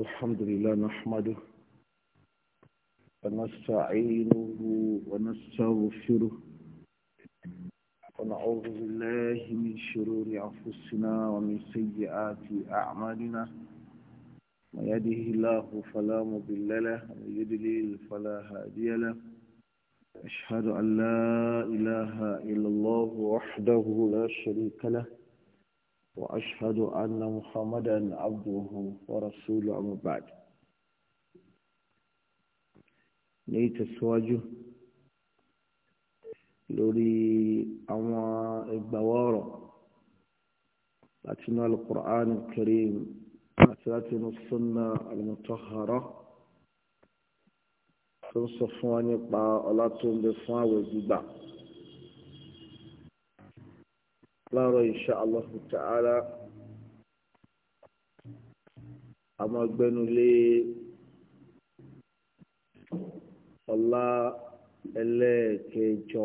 الحمد لله نحمده ونستعينه ونستغفره ونعوذ بالله من شرور أنفسنا ومن سيئات أعمالنا من يده الله فلا مضل له ومن يضلل فلا هادي له أشهد أن لا إله إلا الله وحده لا شريك له وأشهد أن محمدا عبده ورسوله أما بعد نيت السواجه لوري أما إبوارة لكن القرآن الكريم أتنا السنة المطهرة تنصفوني بأولاد بفاوة ببعض láàárọ̀ insha Allah ta'ala àmọ́ gbẹnulé ọlá ẹlẹ́ẹ̀kẹjọ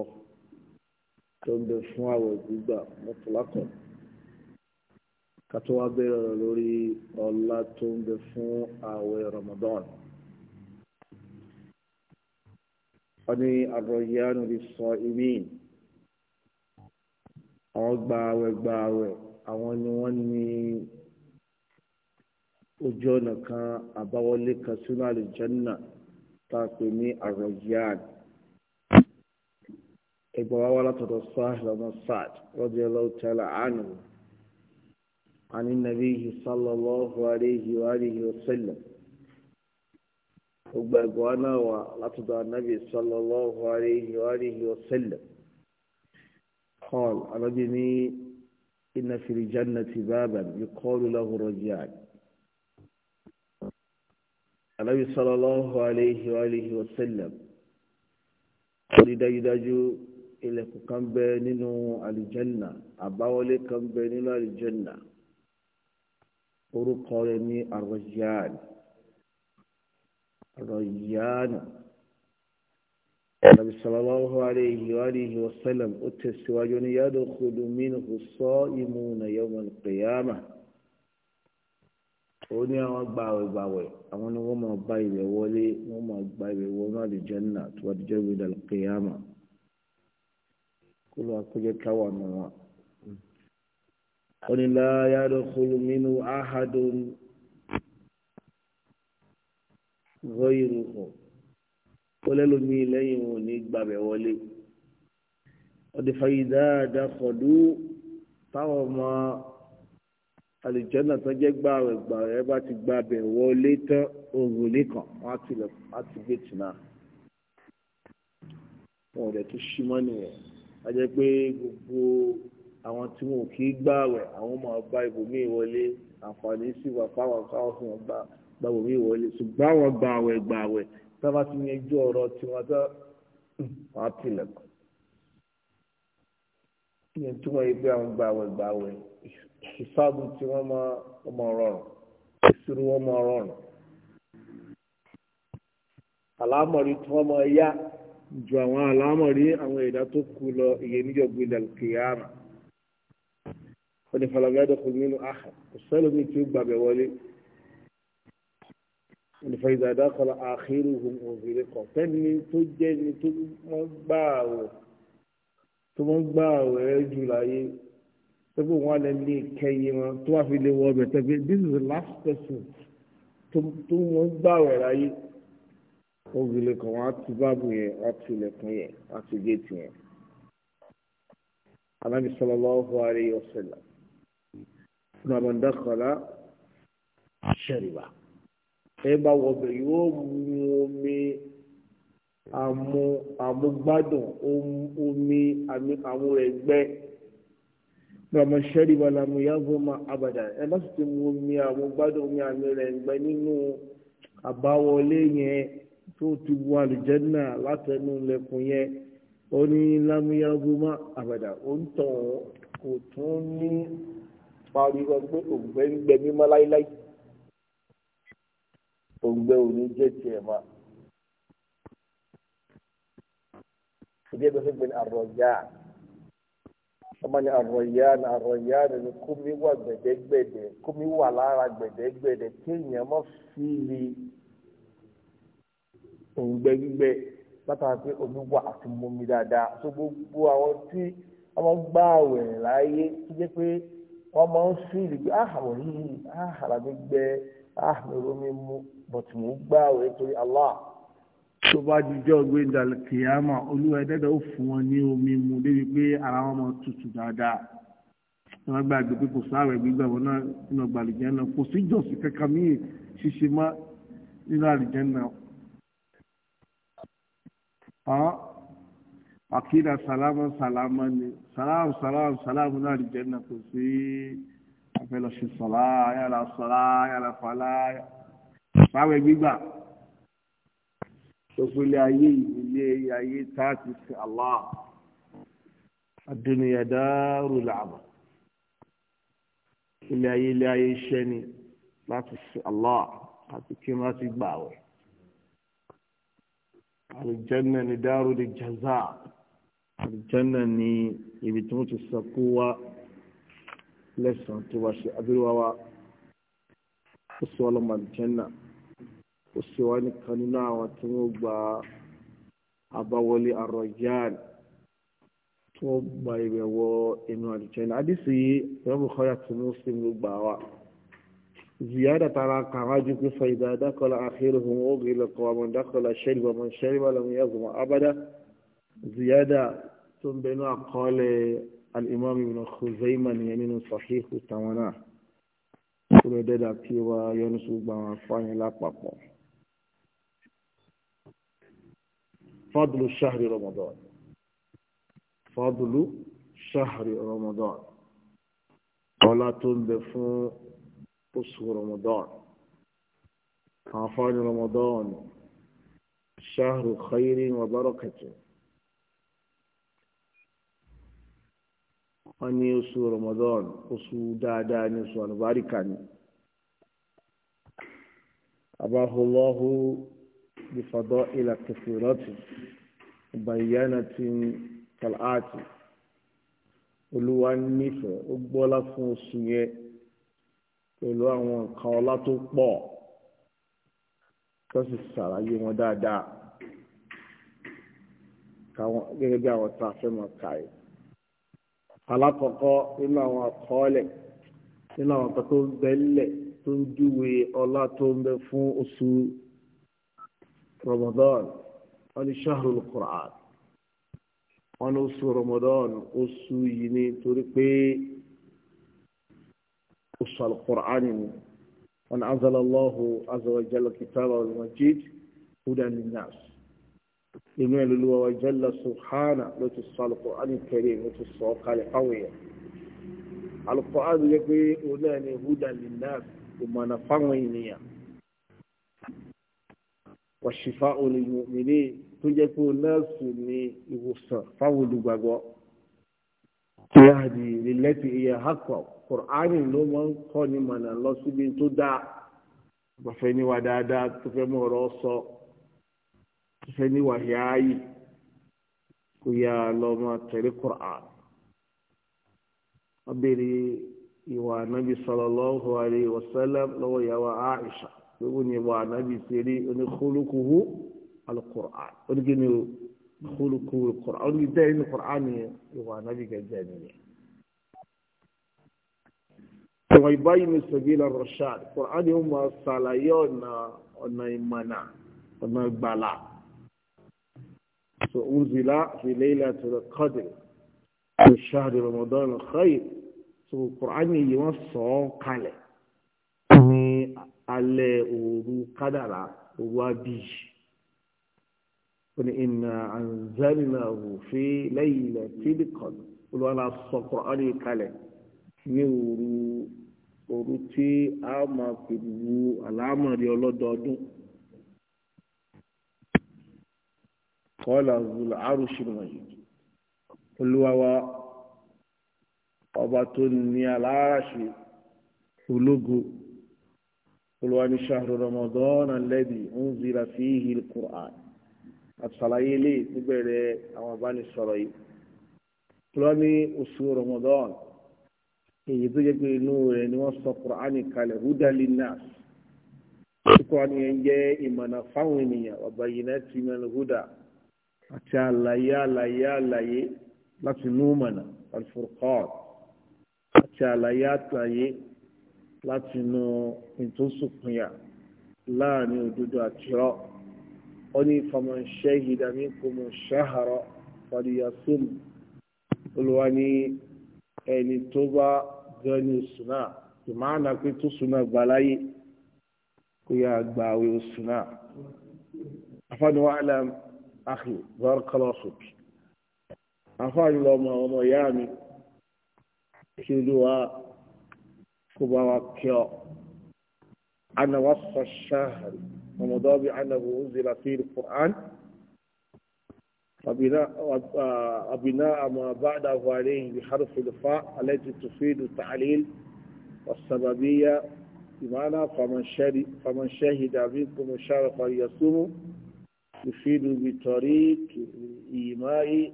tó ń bẹ fún àwẹ̀ gbígbà mọ́tòlákọ̀ ká tó wá bẹ̀rẹ̀ ọ̀rọ̀ lórí ọlá tó ń bẹ fún àwẹ̀ Ramadan. wọ́n ní àròyìn ànúbí sọ ìmíì. àwọn gbààwẹ̀ gbààwẹ̀ àwọn ni wọ́n ní ojú ọ̀nà kan àbáwọlé kan sínú àlùjànnà tá a pè ní arroyan ẹgbọ́n wa wá látọ̀dọ̀ sáàlì ọmọ sáàd radiyallahu ta'ala anhu عن النبي صلى الله عليه وآله وسلم وبقوانا ولاتدى النبي صلى الله عليه وآله وسلم قال رجني إن في الجنة بابا يقال له رجعان النبي صلى الله عليه وآله وسلم قال داجداجو إلى كم بيننا الجنة أباولي كم بيننا الجنة أرقى لني الرجعان الرجعان Nabi sallallahu alayhi wa alihi wa sallam ó tẹ̀síwájú ní yadkhulu minhu as-sa'imuna yawm al-qiyamah ó ní àwọn gbàwẹ̀ gbàwẹ̀ àwọn ni wọ́n máa bá ibẹ̀ wọlé wọ́n máa gba ibẹ̀ wọnú àlùjánnà tó wà dijọ́ ìwé dàlùkìyàmà kó ló akójọ káwà nù wọn. ó ní la yadkhulu minhu ahadun ghayruhu ó lẹ́lómi lẹ́yìn wọn ní gbàbẹ̀ wọlé ọdún fàyídà dàkọ̀dú táwọn ọmọ àlùjọ́nà tó jẹ́ gbàwẹ̀ gbàwẹ̀ bá ti gbàbẹ̀ wọlé tán oògùn nìkan wọ́n á ti gbé gbogbo àwọn tí wọn ò kí gbàwẹ̀ àwọn máa bá ibòmíì wọlé àǹfààní sí wà fáwọn káwọn fún wọn bá ibòmíì wọlé àwọn gbàwẹ̀ gbàwẹ̀ sábà ti yanjú ọ̀rọ̀ tí wọ́n tán wọ́n á tilẹ̀kùn. ìyẹn túmọ̀ yìí pé àwọn gbàwẹ̀ gbàwẹ̀ ìṣàbù tí wọ́n mọ rọrùn ìṣirò wọn mọ rọrùn. àlámọ̀rí tí wọ́n mọ yá ju àwọn àlámọ̀rí àwọn ẹ̀dá tó kù lọ ìyẹn níjọ̀gbìn ìdàlùkìyàmà. wọ́n ti falọ̀ nínú àhà kò sẹ́lómi tí ó gbàgbẹ́ wọlé ìfẹ̀yìntà dákọ̀lá àkírù ohun òfìrí kọ̀ tẹ́ni tó jẹ́ ni tó mọ́ gbà àwẹ̀ tó mọ́ gbà àwẹ̀ rẹ̀ jù láyé tẹ́gbọ̀n wọn lè lè kẹ́yìn wọn tó wà fi lè wọ ọbẹ̀ tẹ́gbẹ́ this is the last person tó mọ́ gbà àwẹ̀ láyé òfìrí kọ̀ wọn á ti báàbù yẹn á ti ilẹ̀kùn yẹn á géètì yẹn. النبي صلى الله عليه وسلم ومن دخل شربه ẹ bá wọbẹ̀ yóò mu omi àmú àmúgbádùn omi àmú ẹgbẹ́ gbàmọ̀ sẹ́rí balamu yàgòmà abàdà ẹ bá sì ti mu omi àmúgbádùn omi àmú ẹgbẹ́ nínú àbáwọlé yẹn tó ti wọ àlùjẹ́nà látẹnu lẹ́kùn yẹn ó ní lámúyàgòmà abàdà ó ń tàn kò tún ní pariwo pé òǹgbẹ́ ń gbẹ mímọ́ láíláí òǹgbẹ ò jẹ́ tiẹ̀ mọ́. ìdí ẹgbẹ́ fún gbẹ̀ni àrọ̀yá ọmọ ni àrọ̀yá ni àrọ̀yá ni ni kúmi wà gbẹ̀dẹ́gbẹ̀dẹ́ kúmi wà lára gbẹ̀dẹ́gbẹ̀dẹ́ kéèyàn mọ́ fìlì òǹgbẹ gbígbẹ látara pé omi wà àti mumi dáadáa tó gbogbo àwọn tí ọmọ gbá àwẹ̀ láyé tó jẹ́ pé wọ́n máa ń fìlì pé àhàwọ̀ ah, yìí ah, àhàrà mi gbẹ ah mi ro mi mu but mo gbààwẹ̀ torí Allah tó bá jíjọ́ gbé ìdàlẹ̀ kìyàmà olúwa ẹ̀dẹ́dẹ́ ó fún wọn ní omi mu débi pé ara wọn mọ tutù dáadáa wọn gbàgbé pé kò sáwẹ̀ gbígbà wọn náà nínú gbàlùjẹ́ náà kò sí ìjọsìn kankan míì ṣíṣe mọ́ nínú àlùjẹ́ náà. àwọn sàlámù sàlámù ni sàlámù sàlámù sàlámù náà àlùjẹ́ náà kò sí afẹ́ lọ ṣe sọ̀lá yàrá sọ̀lá yàrá fàlá fáwẹ̀ gbígbà gbogbo ilé ayé ilé ayé táàtì sí Allah ad-dunya daru la'ba ilé ayé ilé ayé iṣẹ́ ni láti sí Allah àti kí wọ́n ti gbà wẹ̀ àlùjànnà ni daru li jaza àlùjànnà ni ibi tí wọ́n ti sọ kó wá lẹ́sàn tó wá ṣe abíwáwá ó sọ ọlọ́mọ àlùjẹ́nà ó sọ wá nìkan nínú àwọn tí wọ́n gba abáwọlé àrọ̀yàn tí wọ́n gba ìwẹ̀ wọ inú àlùjẹ́nà àdìsí yìí ìwọ́n bù kọ́yà tí wọ́n sì ń gbà wá. زيادة على قواجب فإذا دخل آخرهم أغلق ومن دخل شرب ومن شرب لم يظم أبدا زيادة ثم بين قال الإمام ابن خزيمة يمين صحيح تمانا كل دادا كيوا ينسو بما عفان لا بابا فضل شهر رمضان فضل شهر رمضان ولا تنبفون أسو رمضان عفان رمضان شهر خير وبركته wọ́n ní oṣù Ramadan oṣù dáadáa ní oṣù àlùbáríkà ni abahullahu bifadọ ila kẹfìrọtì bayanatin kal'ati olúwa nífẹ̀ẹ́ ó gbọ́lá fún oṣù yẹn pẹ̀lú àwọn nǹkan ọlá tó pọ̀ tó sì ṣàlàyé wọn dáadáa gẹ́gẹ́ bí àwọn tá a fẹ́ mọ̀ káyìí alákọ̀ọ́kọ́ nínú àwọn àkọọ́lẹ̀ nínú àwọn kan tó ń bẹ́lẹ̀ tó ń júwe ọlá tó ń bẹ fún oṣù Ramadan wọn ni shahrul Qur'an wọn ni oṣù Ramadan oṣù yìí ni torí pé oṣù al ni wọn ni anzalallahu azza wa jalla kitab al-majid inú ẹ̀ lóluwà wa jalla subhana ló ti sọ al-Qur'an al-Karim ló ti sọ kalẹ̀ fáwọn èèyàn al-Qur'an ló yẹ pé òun náà ni hudan linnas ìmọ̀nà fáwọn ènìyàn wa shifa'un lil-mu'minin tó jẹ́ pé òun náà sì ni ìwòsàn fáwọn olùgbàgbọ́ tó yà di lillati hiya haqqa Qur'an ló máa ń kọ́ ni mọ̀nà lọ síbi tó dáa wọ́n fẹ́ níwà dáadáa tó fẹ́ mọ̀ ọ̀rọ̀ sọ ṣiṣẹ́ ní wàhíáyì kò yá lọ máa tẹ̀lé Qur'an wọ́n béèrè ìwà ànábì sallallahu alaihi wasallam lọ́wọ́ ìyàwó Aisha gbogbo ní ìwà ànábì ṣeré oníkólókòwò al-Qur'an oníkíni kólókòwò al-Qur'an oníkíni tẹ́lẹ̀ ní Qur'an ni ìwà ànábì gẹ̀gẹ́ nìyẹn. Àwọn ìbáyìí ní sabila rashad Qur'an yóò máa ṣàlàyé ọ̀nà ọ̀nà ìmọ̀nà ọ̀nà ìgbàlá. أنزل في ليلة القدر في شهر رمضان الخير so Qur'an yìí wọ́n sọ ọ́ kalẹ̀ ní alẹ́ òru kádàrà òru abiyì ó ní inna anzalnahu fi laylatil qadr olùwàlà sọ Qur'an yìí kalẹ̀ ní òru òru a máa pè wú àlámọ̀rí kọ́lá zula arúṣin wọ̀nyí olúwawa ọba tó ní aláàṣì ológo olúwani ṣahru ramadan alẹ́bi ń zira fíhì qur'an àtàlàyé lè níbẹ̀rẹ̀ àwọn abánisọ̀rọ̀ yìí olúwani oṣù ramadan èyí tó jẹ́ pé inú rẹ̀ ni wọ́n sọ qur'an kalẹ̀ hudalin nas kíkọ́ ni jẹ́ ìmọ̀nà fáwọn ènìyàn ọ̀bàyìnà tìmẹ̀lú huda àti àlàyé àlàyé àlàyé láti númọ̀nà alfurqan àti àlàyé àtàyé láti nu ìtúnṣùpìnyà láàrin òdodo àtìrọ ó ní faman shahida minkum shahra falyasum olùwà ní ẹni tó bá gani oṣù náà ìmáàna pé tó sùnà gbà láyé kó yá gbàwé oṣù náà afánuwàlám àkì barakallahu àfáàyè ọmọ ọmọ ìyá mi kí olúwa kó bá wa kí ọ ana wasfa shahri رمضان بأنه أنزل فيه القرآن وبناء, وبناء ما بعده عليه بحرف الفاء التي تفيد التعليل والسببية بمعنى فمن, فمن شهد منكم الشهر فليصومه يفيد بطريق الإيماء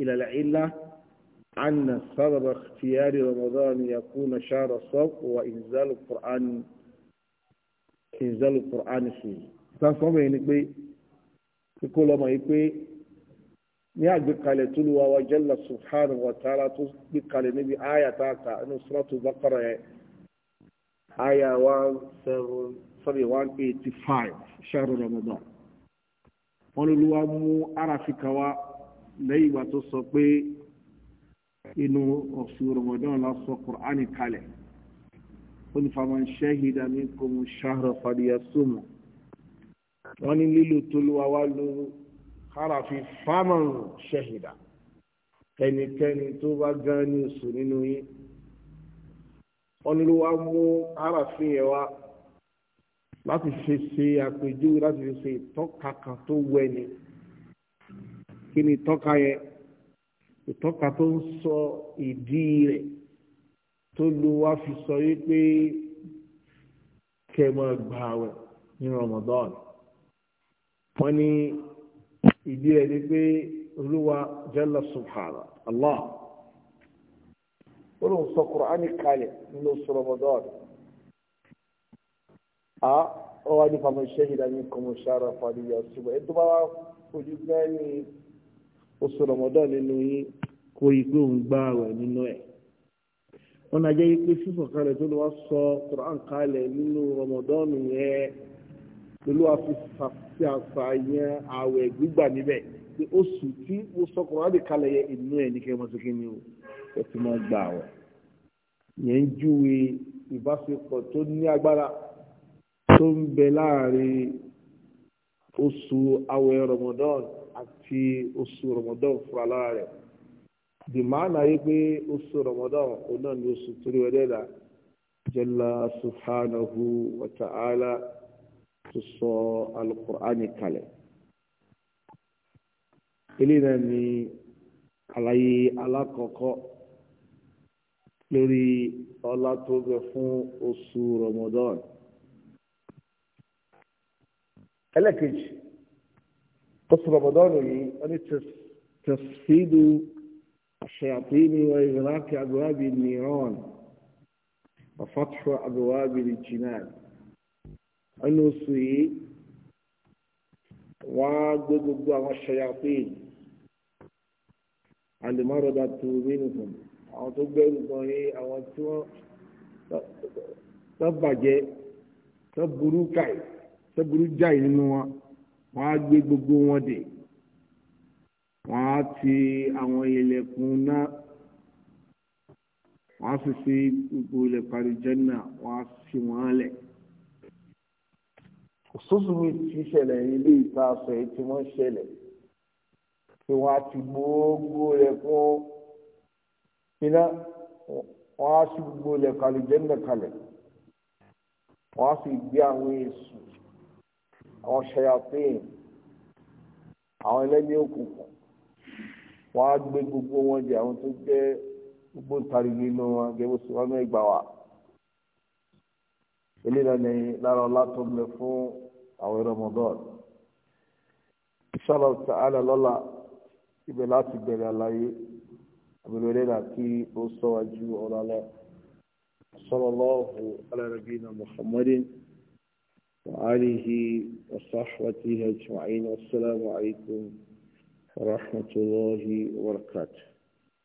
إلى العلة أن سبب اختيار رمضان يكون شهر الصوم وإنزال القرآن إنزال القرآن فيه. Sáfọ́mọ̀ yìí بي pé kíkó lọ́mọ yìí pé ní àgbékalẹ̀ tó lu wa jalla subhanahu wa ta'ala tó gbé kalẹ̀ níbi àyà tá a kà inú suratu Baqara yẹn àyà one seven sorry one eighty five ṣáàrù Ramadan wọn lóluwà mú aráfíkàwá lẹ́yìn ìgbà tó sọ pé inú oṣù Ramadan la sọ Kùránì kalẹ̀ ó ní faman shahida minkum shahra falyasumhu wọ́n ní lílo tolúwa wá ló harafi faman shahida ẹnikẹ́ni tó bá gán ní oṣù nínú yín wọ́n ní ló mú harafi yẹn wá láti fi ṣe àpèjúwe láti fi ṣe ìtọ́ka kan tó wẹ kí ni ìtọ́ka yẹn ìtọ́ka tó ń sọ ìdí rẹ̀ tó lu wá fi sọ yí pé kẹmọ gbààwẹ̀ ní Ramadan wọn ní ìdí rẹ̀ ni pé olúwa jalla subhana allah ó lóun sọ Kùránì kalẹ̀ nínú oṣù Ramadan. a ó wá ní fama ṣẹ́yìdá ní kọmọ ṣára fàdí yà ṣùgbọ́n ẹni tó bá wá fojú gbẹ́ni oṣù rọmọdọ́ nínú yín kó igbó ń gbá rẹ̀ nínú ẹ̀ wọn náà jẹ́ pé sísọ̀kalẹ̀ tó lọ wá sọ Quran kalẹ̀ nínú rọmọdọ́nù yẹn pẹ̀lú àfihàn àfààyàn àwẹ̀ gbígbà níbẹ̀ pé oṣù tí mo sọ Quran kalẹ̀ yẹn inú ẹ̀ ní kẹ́ kí ni o ẹ ti máa gbà wọ̀ yẹn ń júwe ìbáṣepọ̀ tó ní agbára tó ń bẹ láàrin oṣù àwẹ̀ Ramadan àti oṣù Ramadan fúra láàrẹ̀ dìmánà yìí pé oṣù Ramadan òun ni oṣù torí subhanahu wa ta'ala tó sọ alukur'ani kalẹ̀ eléyìí ni àlàyé alákọ̀ọ́kọ́ lórí ọlá tó fún oṣù Ramadan. ẹlẹ́kejì oṣù rọ̀bọ̀dọ́nù yìí wọ́n ní tẹ̀sídù ṣèyàtìní wa ìrìnàkì àgbéwábi nìran ọ̀fọ́tò àgbéwábi jìnnàn wọ́n ní oṣù yìí wọ́n á gbé gbogbo àwọn ṣèyàtìní àlùmọ́rọ̀dà tó mínúfọ̀n àwọn tó gbẹ́rù gan yé àwọn tí wọ́n bàjẹ́ tó burú káyìí tó burú jáì nínú wọn wọn á gbé gbogbo wọn dè wọn á ti àwọn ilẹ̀kùn náà wọn á sì fi gbogbo ilẹ̀kùn àlùjànnà wọn á sì wọn lẹ̀. òṣooṣù mi ti ṣẹlẹ̀ ilé ìta aṣọ èyí tí wọ́n ṣẹlẹ̀ tí wọ́n á ti gbogbo ilẹ̀kùn iná wọ́n á sì gbogbo ilẹ̀kùn àlùjànnà kalẹ̀ wọ́n á sì gbé àwọn èṣù àwọn ṣayàpín àwọn ẹlẹ́ni òkùnkùn wọ́n á gbé gbogbo wọn jẹ àwọn tó jẹ́ gbogbo ntarí nínú wọn gẹ́gẹ́ bó ṣe wọ́n náà gbà wá. eléyìí ni lára ọlá tó ń lẹ fún àwọn Ramadan. inshallah ta'ala lọ́la ibẹ̀ láti bẹ̀rẹ̀ àlàyé àbẹ̀rẹ̀ rẹ̀ kí ó sọ wájú ọ̀la lọ. sallallahu ala nabina Muhammadin. وآله وصحبته أجمعين والسلام عليكم ورحمة الله وبركاته